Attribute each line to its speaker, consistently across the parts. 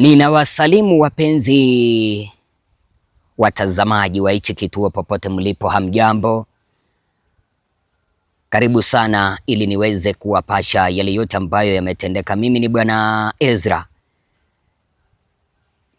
Speaker 1: Ninawasalimu wapenzi watazamaji wa hichi kituo popote mlipo, hamjambo? Karibu sana ili niweze kuwapasha yale yote ambayo yametendeka. Mimi ni Bwana Ezra,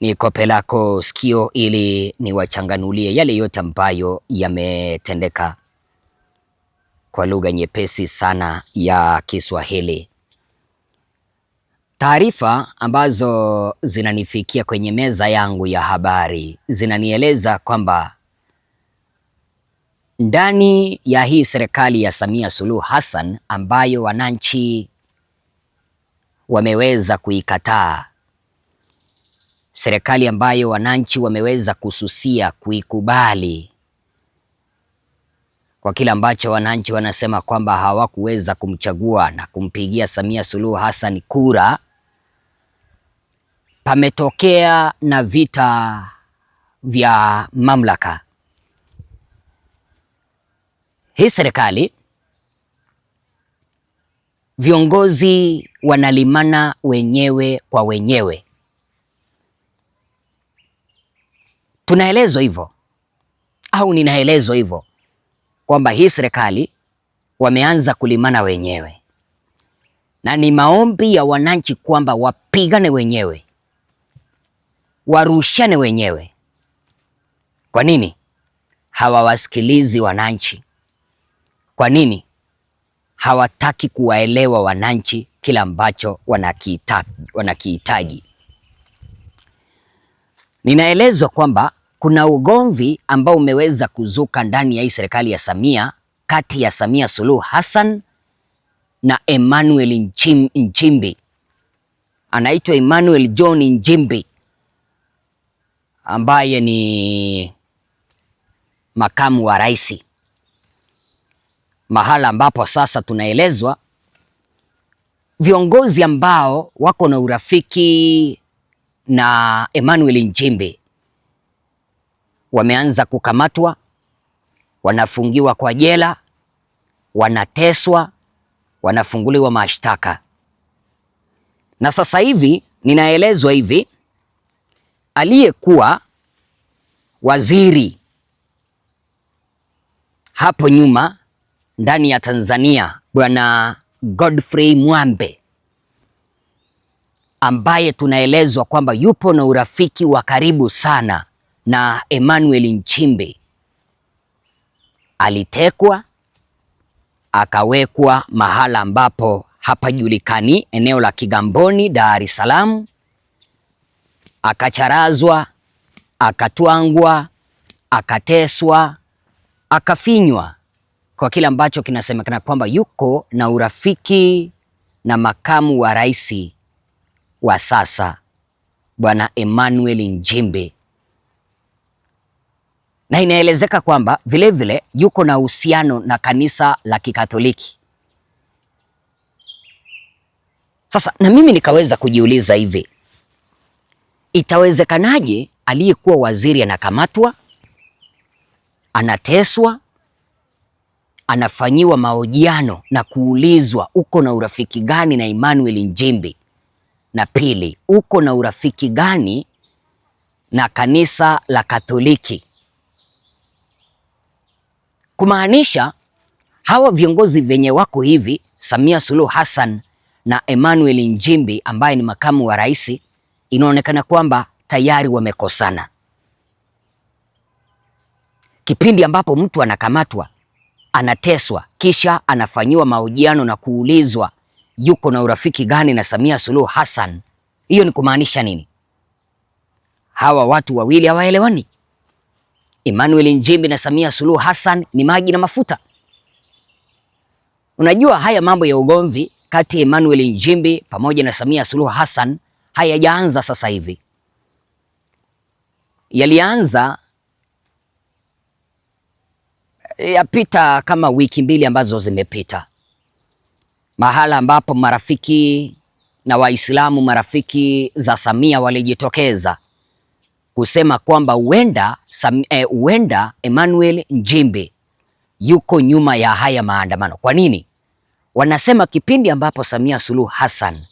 Speaker 1: ni kope lako sikio ili niwachanganulie yale yote ambayo yametendeka kwa lugha nyepesi sana ya Kiswahili. Taarifa ambazo zinanifikia kwenye meza yangu ya habari zinanieleza kwamba ndani ya hii serikali ya Samia Suluhu Hassan ambayo wananchi wameweza kuikataa, serikali ambayo wananchi wameweza kususia kuikubali kwa kile ambacho wananchi wanasema kwamba hawakuweza kumchagua na kumpigia Samia Suluhu Hassan kura pametokea na vita vya mamlaka. Hii serikali viongozi wanalimana wenyewe kwa wenyewe, tunaelezwa hivyo au ninaelezwa hivyo kwamba hii serikali wameanza kulimana wenyewe, na ni maombi ya wananchi kwamba wapigane wenyewe warushane wenyewe. Kwa nini hawawasikilizi wananchi? Kwa nini hawataki kuwaelewa wananchi kila ambacho wanakihitaji? Ninaelezwa kwamba kuna ugomvi ambao umeweza kuzuka ndani ya hii serikali ya Samia kati ya Samia Suluhu Hassan na Emmanuel Nchimbi. Anaitwa Emmanuel John Nchimbi ambaye ni makamu wa rais, mahala ambapo sasa tunaelezwa viongozi ambao wako na urafiki na Emmanuel Nchimbi wameanza kukamatwa, wanafungiwa kwa jela, wanateswa, wanafunguliwa mashtaka na sasa hivi ninaelezwa hivi aliyekuwa waziri hapo nyuma ndani ya Tanzania Bwana Godfrey Mwambe ambaye tunaelezwa kwamba yupo na urafiki wa karibu sana na Emmanuel Nchimbi alitekwa akawekwa mahala ambapo hapajulikani, eneo la Kigamboni, Dar es Salaam, akacharazwa, akatwangwa, akateswa, akafinywa kwa kile ambacho kinasemekana kwamba yuko na urafiki na makamu wa rais wa sasa Bwana Emmanuel Nchimbi, na inaelezeka kwamba vilevile vile, yuko na uhusiano na kanisa la Kikatoliki. Sasa na mimi nikaweza kujiuliza hivi, Itawezekanaje aliyekuwa waziri anakamatwa, anateswa, anafanyiwa mahojiano na kuulizwa uko na urafiki gani na Emmanuel Nchimbi, na pili, uko na urafiki gani na kanisa la Katoliki? Kumaanisha hawa viongozi venye wako hivi, Samia Suluhu Hassan na Emmanuel Nchimbi ambaye ni makamu wa raisi inaonekana kwamba tayari wamekosana. Kipindi ambapo mtu anakamatwa, anateswa, kisha anafanyiwa mahojiano na kuulizwa yuko na urafiki gani na Samia Suluhu Hassan, hiyo ni kumaanisha nini? Hawa watu wawili hawaelewani. Emmanuel Nchimbi na Samia Suluhu Hassan ni maji na mafuta. Unajua haya mambo ya ugomvi kati ya Emmanuel Nchimbi pamoja na Samia Suluhu Hassan hayajaanza sasa hivi, yalianza eh, yapita kama wiki mbili ambazo zimepita, mahala ambapo marafiki na Waislamu marafiki za Samia walijitokeza kusema kwamba huenda eh, huenda eh, Emmanuel Nchimbi yuko nyuma ya haya maandamano. Kwa nini? Wanasema kipindi ambapo Samia Suluhu Hassan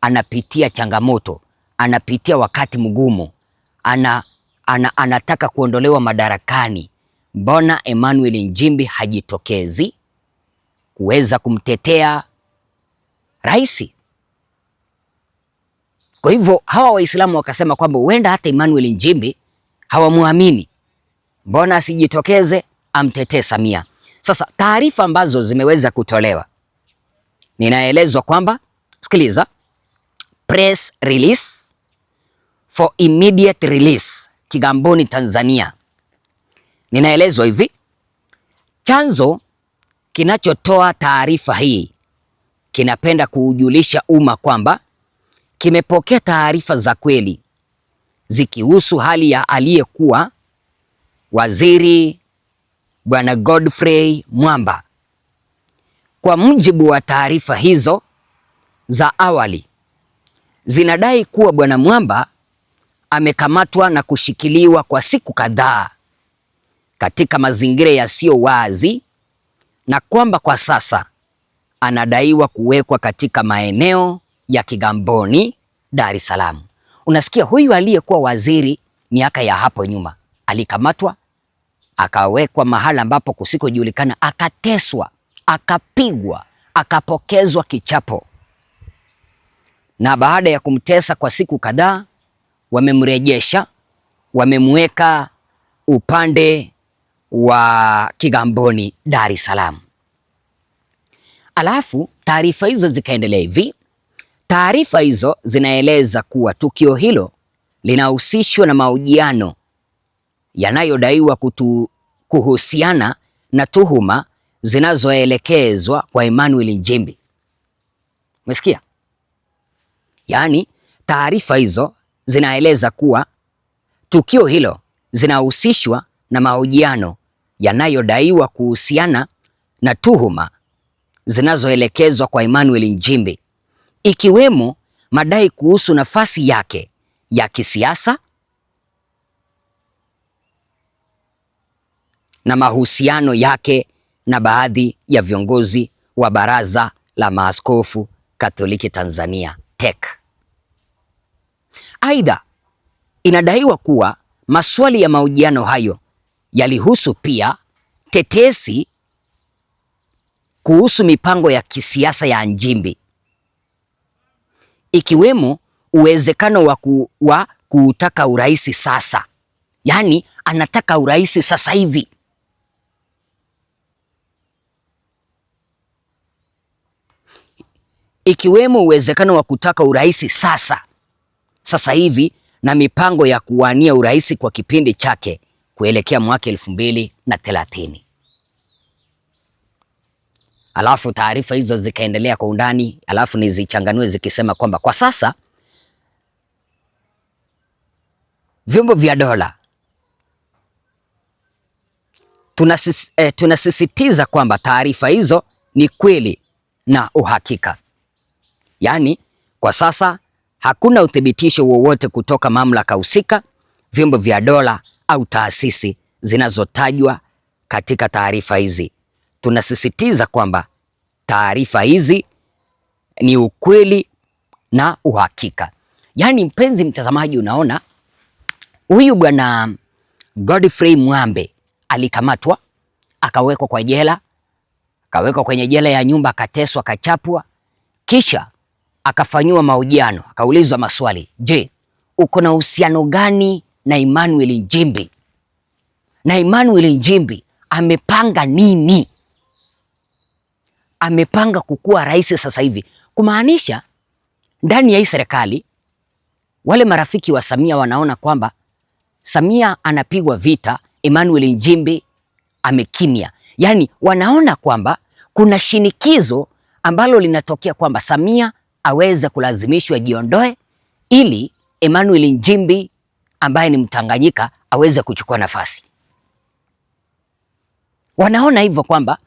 Speaker 1: anapitia changamoto, anapitia wakati mgumu, ana, ana, anataka kuondolewa madarakani, mbona Emmanuel Nchimbi hajitokezi kuweza kumtetea rais? Kwa hivyo hawa Waislamu wakasema kwamba huenda hata Emmanuel Nchimbi hawamwamini, mbona asijitokeze amtetee Samia? Sasa taarifa ambazo zimeweza kutolewa, ninaelezwa kwamba, sikiliza press release for immediate release Kigamboni Tanzania. Ninaelezwa hivi, chanzo kinachotoa taarifa hii kinapenda kuujulisha umma kwamba kimepokea taarifa za kweli zikihusu hali ya aliyekuwa waziri Bwana Godfrey Mwamba. Kwa mujibu wa taarifa hizo za awali, zinadai kuwa Bwana Mwamba amekamatwa na kushikiliwa kwa siku kadhaa katika mazingira yasiyo wazi na kwamba kwa sasa anadaiwa kuwekwa katika maeneo ya Kigamboni, Dar es Salaam. Unasikia, huyu aliyekuwa waziri miaka ya hapo nyuma alikamatwa akawekwa mahala ambapo kusikojulikana, akateswa, akapigwa, akapokezwa kichapo na baada ya kumtesa kwa siku kadhaa, wamemrejesha, wamemweka upande wa Kigamboni, Dar es Salaam. Alafu taarifa hizo zikaendelea hivi. Taarifa hizo zinaeleza kuwa tukio hilo linahusishwa na mahojiano yanayodaiwa kutu, kuhusiana na tuhuma zinazoelekezwa kwa Emmanuel Nchimbi. Umesikia? Yaani taarifa hizo zinaeleza kuwa tukio hilo zinahusishwa na mahojiano yanayodaiwa kuhusiana na tuhuma zinazoelekezwa kwa Emmanuel Nchimbi ikiwemo madai kuhusu nafasi yake ya kisiasa na mahusiano yake na baadhi ya viongozi wa Baraza la Maaskofu Katoliki Tanzania TEC. Aidha, inadaiwa kuwa maswali ya mahojiano hayo yalihusu pia tetesi kuhusu mipango ya kisiasa ya Njimbi, ikiwemo uwezekano wa, ku, wa kuutaka urais sasa, yaani anataka urais sasa hivi. Ikiwemo uwezekano wa kutaka urais sasa sasa hivi na mipango ya kuwania urais kwa kipindi chake kuelekea mwaka elfu mbili na thelathini. Alafu taarifa hizo zikaendelea kwa undani, alafu nizichanganue zikisema kwamba kwa sasa vyombo vya dola tunasis, eh, tunasisitiza kwamba taarifa hizo ni kweli na uhakika. Yaani kwa sasa hakuna uthibitisho wowote kutoka mamlaka husika, vyombo vya dola au taasisi zinazotajwa katika taarifa hizi. Tunasisitiza kwamba taarifa hizi ni ukweli na uhakika. Yaani mpenzi mtazamaji, unaona huyu bwana Godfrey Mwambe alikamatwa akawekwa kwa jela, akawekwa kwenye jela ya nyumba, akateswa, akachapwa, kisha akafanyiwa mahojiano, akaulizwa maswali. Je, uko na uhusiano gani na Emmanuel Nchimbi? Na Emmanuel Nchimbi amepanga nini? Amepanga kukuwa rais sasa hivi, kumaanisha ndani ya hii serikali wale marafiki wa Samia wanaona kwamba Samia anapigwa vita, Emmanuel Nchimbi amekimya. Yaani wanaona kwamba kuna shinikizo ambalo linatokea kwamba Samia aweze kulazimishwa jiondoe ili Emmanuel Nchimbi ambaye ni Mtanganyika aweze kuchukua nafasi. Wanaona hivyo kwamba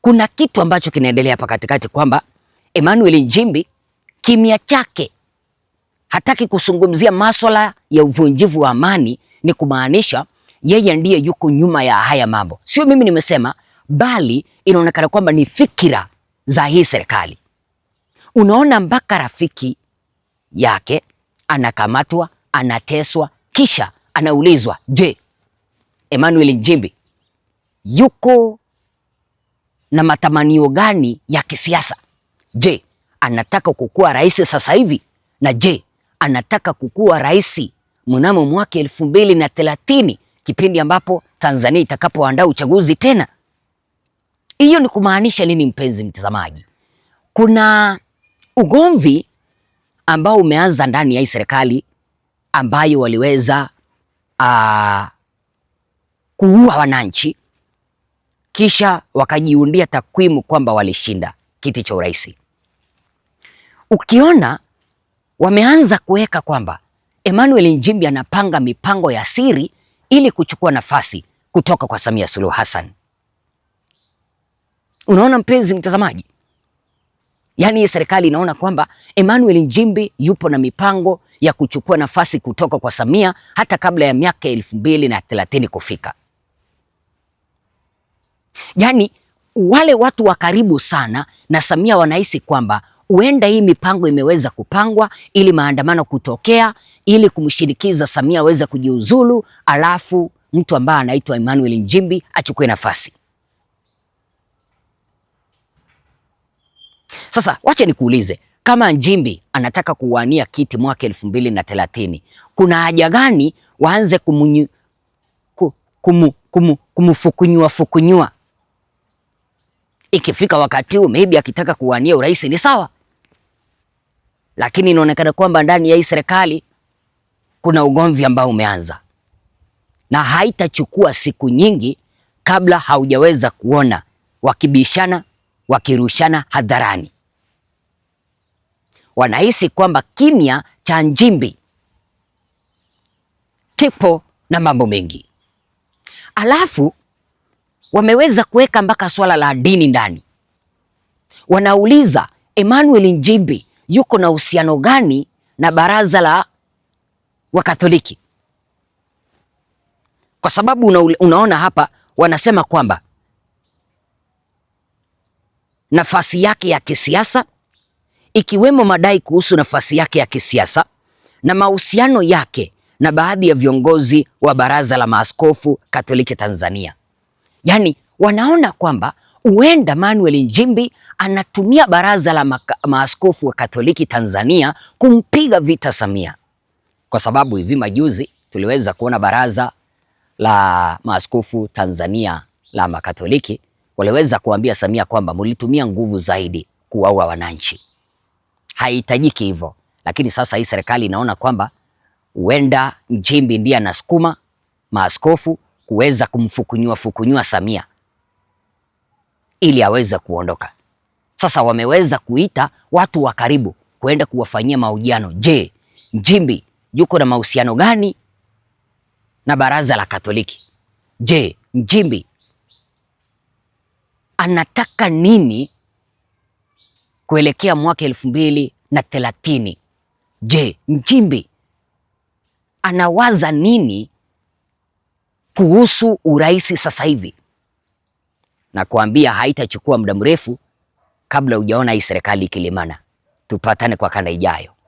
Speaker 1: kuna kitu ambacho kinaendelea hapa katikati, kwamba Emmanuel Nchimbi kimya chake hataki kuzungumzia masuala ya uvunjivu wa amani, ni kumaanisha yeye ndiye yuko nyuma ya haya mambo, sio mimi nimesema, bali inaonekana kwamba ni fikira za hii serikali. Unaona, mpaka rafiki yake anakamatwa, anateswa, kisha anaulizwa, je, Emmanuel Nchimbi yuko na matamanio gani ya kisiasa? Je, anataka kukuwa rais sasa hivi? Na je, anataka kukuwa rais mnamo mwaka elfu mbili na thelathini kipindi ambapo Tanzania itakapoandaa uchaguzi tena? Hiyo ni kumaanisha nini, mpenzi mtazamaji? Kuna ugomvi ambao umeanza ndani ya hii serikali ambayo waliweza uh, kuua wananchi kisha wakajiundia takwimu kwamba walishinda kiti cha urais. Ukiona wameanza kuweka kwamba Emmanuel Nchimbi anapanga mipango ya siri ili kuchukua nafasi kutoka kwa Samia Suluhu Hassan. Unaona mpenzi mtazamaji, Yaani serikali inaona kwamba Emmanuel Nchimbi yupo na mipango ya kuchukua nafasi kutoka kwa Samia hata kabla ya miaka elfu mbili na thelathini kufika. Yaani wale watu wa karibu sana na Samia wanahisi kwamba huenda hii mipango imeweza kupangwa ili maandamano kutokea ili kumshinikiza Samia aweze kujiuzulu, alafu mtu ambaye anaitwa Emmanuel Nchimbi achukue nafasi. Sasa wacha nikuulize, kama Njimbi anataka kuwania kiti mwaka elfu mbili na thelathini, kuna haja gani waanze kumunyu, ku, kumu, kumu, kumufukunyua fukunyua? Ikifika wakati huu maybe akitaka kuwania urais ni sawa, lakini inaonekana kwamba ndani ya hii serikali kuna ugomvi ambao umeanza, na haitachukua siku nyingi kabla haujaweza kuona wakibishana wakirushana hadharani wanahisi kwamba kimya cha Njimbi kipo na mambo mengi, alafu wameweza kuweka mpaka swala la dini ndani. Wanauliza, Emmanuel Njimbi yuko na uhusiano gani na baraza la wakatholiki Kwa sababu una, unaona hapa wanasema kwamba nafasi yake ya kisiasa ikiwemo madai kuhusu nafasi yake ya kisiasa na mahusiano yake na baadhi ya viongozi wa Baraza la Maaskofu Katoliki Tanzania. Yaani wanaona kwamba huenda Manuel Njimbi anatumia Baraza la Maaskofu wa Katoliki Tanzania kumpiga vita Samia, kwa sababu hivi majuzi tuliweza kuona Baraza la Maaskofu Tanzania la Makatoliki waliweza kuambia Samia kwamba mlitumia nguvu zaidi kuwaua wananchi haihitajiki hivyo, lakini sasa hii serikali inaona kwamba huenda Nchimbi ndiye anasukuma maaskofu kuweza kumfukunyua fukunyua Samia ili aweze kuondoka. Sasa wameweza kuita watu wa karibu kuenda kuwafanyia mahojiano. Je, Nchimbi yuko na mahusiano gani na baraza la Katoliki? Je, Nchimbi anataka nini kuelekea mwaka elfu mbili na thelathini. Je, mchimbi anawaza nini kuhusu urais sasa hivi? Na kuambia haitachukua muda mrefu kabla hujaona hii serikali ikilimana. Tupatane kwa kanda ijayo.